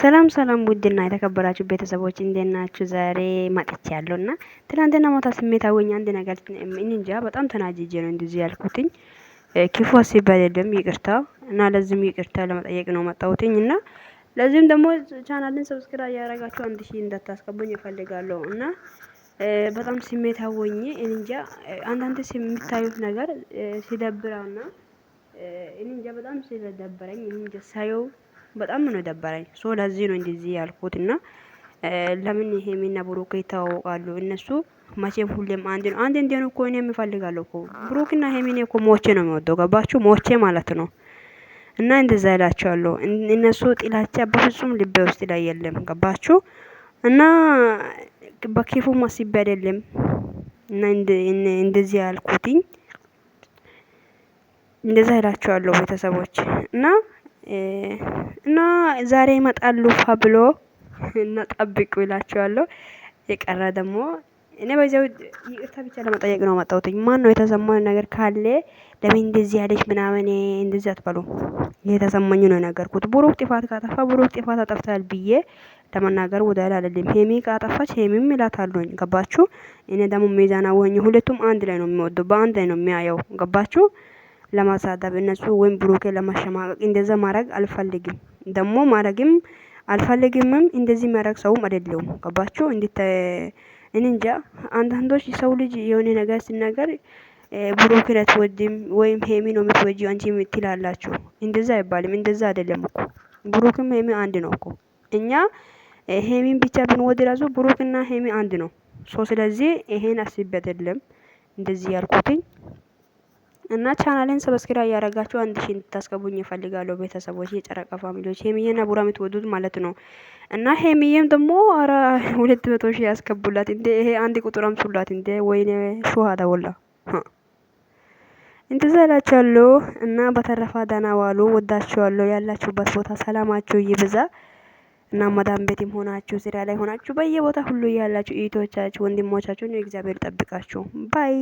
ሰላም ሰላም ውድና የተከበራችሁ ቤተሰቦች እንዴት ናችሁ? ዛሬ መጥቼ ያለው እና ትናንትና ሞታ ስሜት አወኝ አንድ ነገር እንጃ በጣም ተናጅጄ ነው እንደዚህ ያልኩትኝ። ክፉ አስቤ አይደለም ይቅርታ እና ለዚህም ይቅርታ ለመጠየቅ ነው መጣሁትኝ እና ለዚህም ደግሞ ቻናልን ሰብስክራ ያደረጋችሁ አንድ ሺህ እንዳታስቀቡኝ እፈልጋለሁ እና በጣም ስሜት አወኝ እንጃ አንዳንድ የሚታዩት ነገር ሲደብረውና እንጃ በጣም ሲደበረኝ እንጃ ሳየው በጣም ነው ደበረኝ። ሶ ለዚህ ነው እንደዚህ ያልኩት እና ለምን ይሄ ሚና ብሩክ ይተዋወቃሉ። እነሱ መቼም ሁሌም አንድ ነው። አንድ እንዲሆን እኮ እኔ የምፈልጋለሁ እኮ ብሩክና ሄሚኔ እኮ ሞቼ ነው የሚወደው። ገባችሁ? ሞቼ ማለት ነው። እና እንደዛ ይላቸዋለሁ። እነሱ ጥላቻ በፍጹም ልቤ ውስጥ ላይ የለም። ገባችሁ? እና በኪፉ ማስቤ አይደለም እና እንደዚህ ያልኩትኝ እንደዛ ይላቸዋለሁ ቤተሰቦች እና እና ዛሬ ይመጣሉ ፋ ብሎ እና ጠብቁ ይላቸዋለሁ። የቀረ ደግሞ እኔ በዚያው ይቅርታ ብቻ ለመጠየቅ ነው መጣሁት። ማን ነው የተሰማኝ ነገር ካለ ለምን እንደዚህ ያለች ምናምን እንደዚህ አትበሉ። የተሰማኝ ነው የነገርኩት። ብሩክ ጥፋት ካጠፋ ብሩክ ጥፋት አጠፍታል ብዬ ለመናገር ወዳል አይደለም። ሄሚ ካጠፋች ሄሚም እላታለሁኝ። ገባችሁ? እኔ ደግሞ ሚዛናዊ ወኝ ሁለቱም አንድ ላይ ነው የሚወደው፣ በአንድ ላይ ነው የሚያየው። ገባችሁ? ለማሳደብ እነሱ ወይም ብሩኬ ለማሸማቀቅ እንደዛ ማድረግ አልፈልግም። ደግሞ ማድረግም አልፈልግምም። እንደዚህ ማድረግ ሰውም አይደለሁም። ገባችሁ? እንዴት እንንጃ። አንዳንዶች ሰው ልጅ የሆነ ነገር ሲናገር ብሩክን አትወድም ወይም ሄሚ ነው የምትወጂ አንቺ የምትላላችሁ። እንደዛ አይባልም። እንደዛ አይደለም እኮ ብሩክም ሄሚ አንድ ነው እኮ እኛ ሄሚን ብቻ ብንወድ ራሱ ብሩክና ሄሚ አንድ ነው። ሶ ስለዚህ ይሄን አስቤት አይደለም እንደዚህ ያልኩትኝ። እና ቻናሌን ሰብስክራይብ ያደረጋችሁ አንድ ሺ እንድታስገቡኝ ይፈልጋለሁ። ቤተሰቦች፣ የጨረቃ ፋሚሊዎች ሄሚዬና ቡራ የምትወዱት ማለት ነው። እና ሄሚዬም ደግሞ አረ ሁለት መቶ ሺህ ያስገቡላት እንዴ! ይሄ አንድ ቁጥር አምሱላት እንዴ! ወይኔ ሹሃ ተወላ እንደዛ እና በተረፋ ደህና ዋሉ። ወዳችኋለሁ። ያላችሁበት ቦታ ሰላማችሁ ይብዛ። እና መዳም ቤትም ሆናችሁ ስራ ላይ ሆናችሁ በየቦታ ሁሉ ያላችሁ እህቶቻችሁ ወንድሞቻችሁን እግዚአብሔር ይጠብቃችሁ ባይ